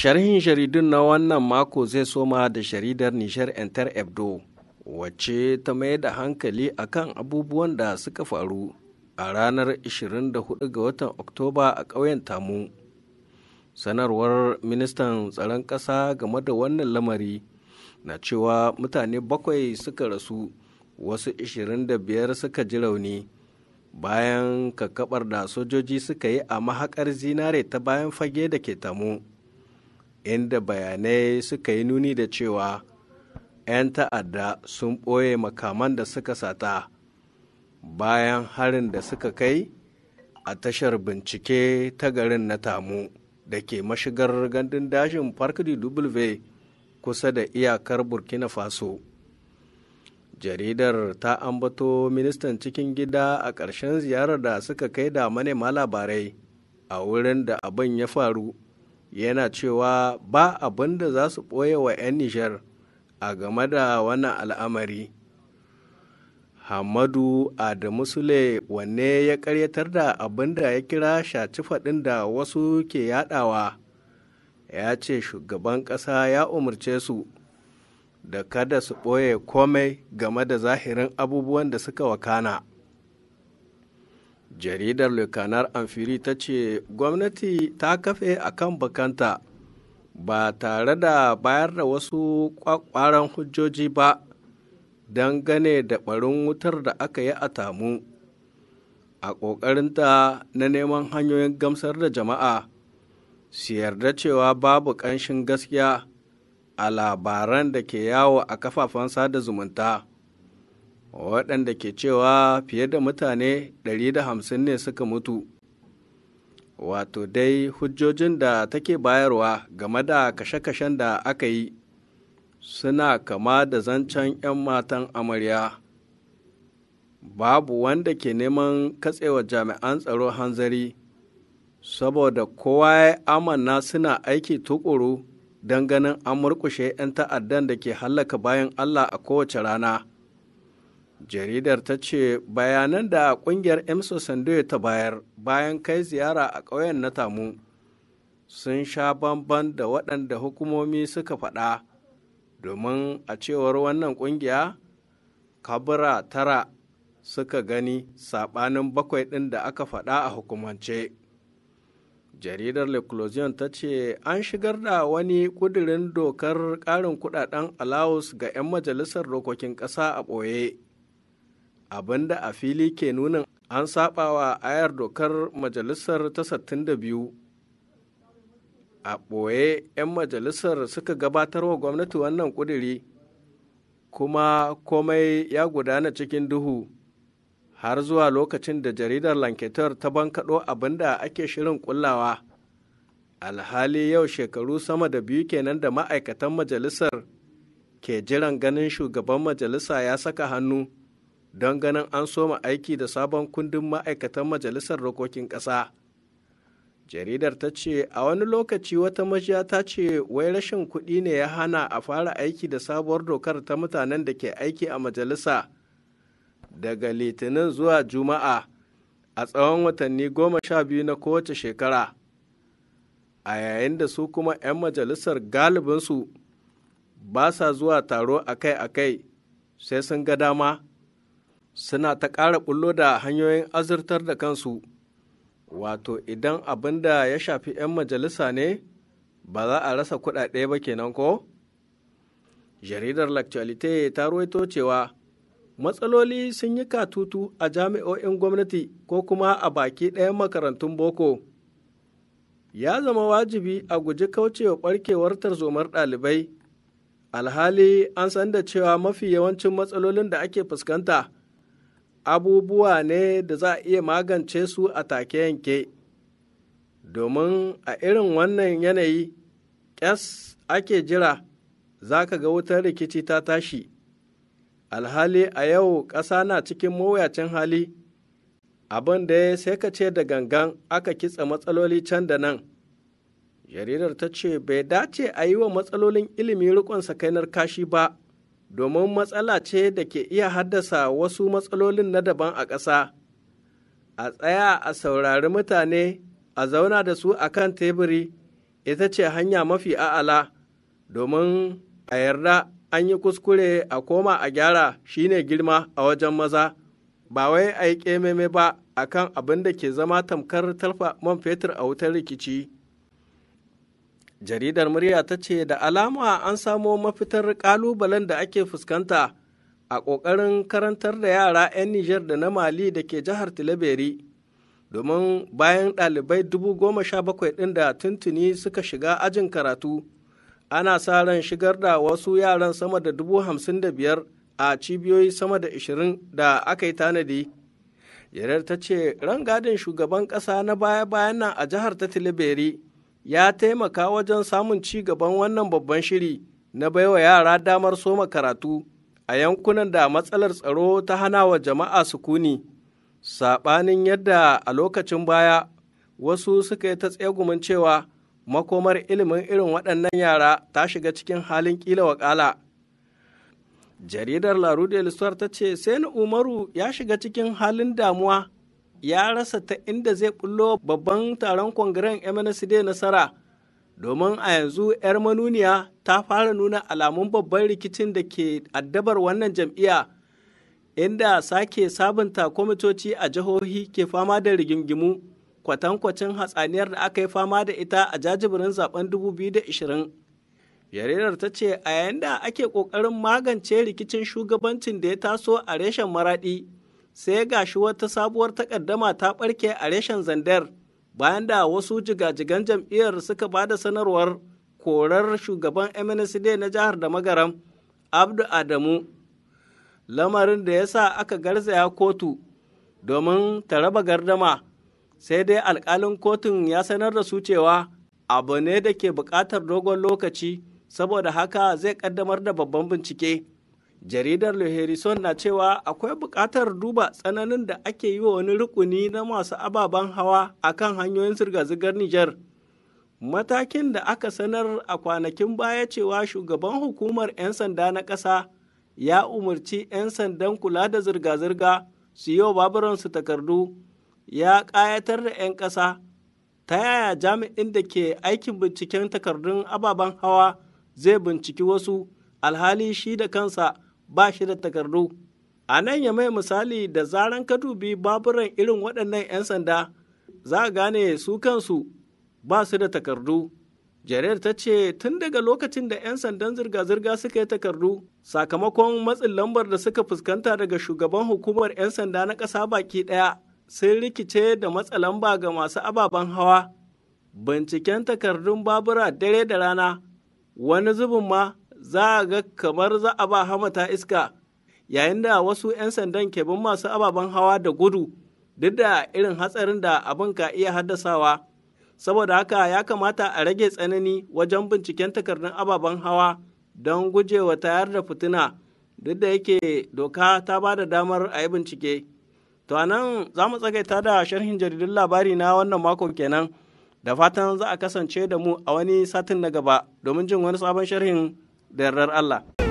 Sharhin jaridun na wannan mako zai soma da sharidar Nijar Enter Ebdo, wacce ta mai da hankali akan abubuwan da suka faru a ranar 24 ga watan Oktoba a ƙauyen Tamu. Sanarwar ministan tsaron ƙasa game da wannan lamari na cewa mutane bakwai suka rasu wasu 25 suka ji rauni bayan kakabar da sojoji suka yi a mahakar zinare ta bayan fage da ke tamu. inda bayanai suka yi nuni da cewa 'yan ta'adda sun ɓoye makaman da suka sata bayan harin da suka kai a tashar bincike ta garin na tamu da ke mashigar gandun dajin park w kusa da iyakar burkina faso jaridar ta ambato ministan cikin gida a ƙarshen ziyarar da suka kai da manema labarai a wurin da abin ya faru yana cewa ba abin da za su ɓoye wa 'yan Nijar a game da wannan al'amari hamadu adamu sule wanne ya karyatar da abin da ya kira shaci faɗin da wasu ke yadawa ya ce shugaban ƙasa ya umarce su da kada su ɓoye komai game da zahirin abubuwan da suka wakana jaridar le amfiri ta ce gwamnati ta kafe a kan bakanta ba tare da bayar da wasu kwakwaran hujjoji ba dangane da ɓarin wutar da aka yi a tamu a ƙoƙarinta na neman hanyoyin gamsar da jama'a su yarda cewa babu ƙanshin gaskiya a labaran da ke yawo a kafafen sada zumunta waɗanda ke cewa fiye da mutane ɗari da hamsin ne suka mutu wato dai hujjojin da take bayarwa game da kashe-kashen da aka yi suna kama da zancen 'yan matan amarya babu wanda ke neman katsewa jami'an tsaro hanzari saboda kowa ya amanna suna aiki tukuru don ganin an murkushe 'yan ta'addan da ke hallaka bayan allah a kowace rana jaridar ta ce bayanan da kungiyar emso sandoyo ta bayar bayan kai ziyara a ƙauyen na tamu sun sha bamban da waɗanda hukumomi suka faɗa domin a cewar wannan ƙungiya kabura tara suka gani saɓanin bakwai ɗin da aka faɗa a hukumance jaridar leclosion ta ce an shigar da wani ƙudirin dokar ƙarin kuɗaɗen alawus ga 'yan majalisar dokokin ƙasa a ɓoye abinda a fili ke nunin an sabawa ayar dokar majalisar ta 62 a ɓoye 'yan majalisar suka gabatar wa gwamnati wannan ƙudiri kuma komai ya gudana cikin duhu har zuwa lokacin da jaridar lanketar ta bankaɗo abinda da ake shirin kullawa alhali yau shekaru sama da biyu kenan da ma'aikatan majalisar ke jiran ganin shugaban majalisa ya saka hannu don ganin an soma aiki da sabon kundin ma'aikatan majalisar rokokin ƙasa jaridar ta ce a wani lokaci wata majiya ta ce wai rashin kuɗi ne ya hana a fara aiki da sabuwar dokar ta mutanen da ke aiki a majalisa daga litinin zuwa juma'a a tsawon watanni goma sha biyu na kowace shekara a yayin da su kuma 'yan majalisar galibinsu ba sa zuwa taro akai-akai sai sun ga dama suna ta ƙara bullo da hanyoyin azurtar da kansu wato idan abin da ya shafi 'yan majalisa ne ba za a rasa kuɗaɗe ba kenan ko jaridar l'actualité ta ruwaito cewa matsaloli sun yi katutu a jami'o'in gwamnati ko kuma a baki ɗayan makarantun boko ya zama wajibi a guji kaucewa ɓarkewar tarzomar ɗalibai alhali an san da cewa mafi yawancin matsalolin da ake fuskanta abubuwa ne da za a iya magance su a take yanke domin a irin wannan yanayi ƙyas ake jira za ka ga wutar rikici ta tashi alhali a yau ƙasa na cikin mawuyacin hali abin da sai ka ce da gangan aka kitsa matsaloli can da nan jaridar ta ce bai dace a yi wa matsalolin ilimi rikon sakainar kashi ba domin matsala ce da ke iya haddasa wasu matsalolin na daban a ƙasa. A tsaya a saurari mutane a zauna da su a kan teburi ita ce hanya mafi a'ala domin a yarda an yi kuskure a koma a gyara shine girma a wajen maza ba wai a yi ƙememe ba a kan abin da ke zama tamkar talfa man fetur a wutar rikici. jaridar murya ta ce da alama an samo mafitar kalubalen da ake fuskanta a ƙoƙarin karantar da yara 'yan Nijar da na Mali da ke jihar Tilaberi domin bayan ɗalibai dubu goma sha bakwai ɗin da tuntuni suka shiga ajin karatu ana sa ran shigar da wasu yaran sama da dubu da biyar a cibiyoyi sama da 20 da aka yi tanadi yarar ta ce gadin shugaban ƙasa na baya-bayan nan a jihar ta Tilaberi ya taimaka wajen samun ci gaban wannan babban shiri na baiwa yara damar soma karatu a yankunan da matsalar tsaro ta hana wa jama'a sukuni saɓanin yadda a lokacin baya wasu suka yi ta tsegumin cewa makomar ilimin irin waɗannan yara ta shiga cikin halin ƙila waƙala. jaridar larudiyar ta ce sai umaru ya shiga cikin halin damuwa ya rasa ta inda zai bullo babban taron kwangaren MNSD nasara domin a yanzu 'yar manuniya ta fara nuna alamun babban rikicin da ke addabar wannan jam'iyya inda sake sabunta kwamitoci a jihohi ke fama da rigingimu kwatankwacin hatsaniyar da aka yi fama da ita a jajibirin zaben 2020 jaridar ta ce a yayin da ake ƙoƙarin magance rikicin shugabancin da ya taso a reshen maraɗi sai gashi wata sabuwar takaddama ta ɓarke a reshen zandar bayan da wasu jigajigan jam'iyyar suka ba da sanarwar korar shugaban MNSD na jihar da magaram Abdu Adamu lamarin da ya sa aka garzaya kotu domin ta raba gardama sai dai alkalin kotun ya sanar da su cewa abu ne da ke buƙatar dogon lokaci saboda haka zai ƙaddamar da babban bincike. jaridar leherison na cewa akwai buƙatar duba tsananin da ake yi wa wani rukuni na masu ababen hawa a kan hanyoyin zirga-zirgar nijar matakin da aka sanar a kwanakin baya cewa shugaban hukumar 'yan sanda na ƙasa ya umarci 'yan sandan kula da zirga-zirga su yi wa baburansu takardu ya ƙayatar da 'yan ƙasa ta yaya jami'in da ke aikin binciken takardun ababen hawa zai binciki wasu alhali shi da kansa ba shi da takardu a nan ya mai misali da zaran ka baburan irin waɗannan 'yan sanda za a gane su kansu ba su da takardu jarir ta ce tun daga lokacin da 'yan sandan zirga-zirga suka yi takardu sakamakon matsin lambar da suka fuskanta daga shugaban hukumar 'yan sanda na ƙasa baki ɗaya sun rikice da matsa lamba ga masu ababen hawa binciken takardun babura dare da rana wani zubin ma za a ga kamar za a ba Hama ta iska yayin da wasu 'yan sandan ke bin masu ababen hawa da gudu duk da irin hatsarin da abin ka iya haddasawa saboda haka ya kamata a rage tsanani wajen binciken takardun ababen hawa don gujewa tayar da fituna duk da yake doka ta ba da damar a yi bincike to nan za mu tsagaita da sharhin jaridun labari na wannan makon kenan da fatan za a kasance da mu a wani satin na gaba domin jin wani sabon sharhin dheerdheer allah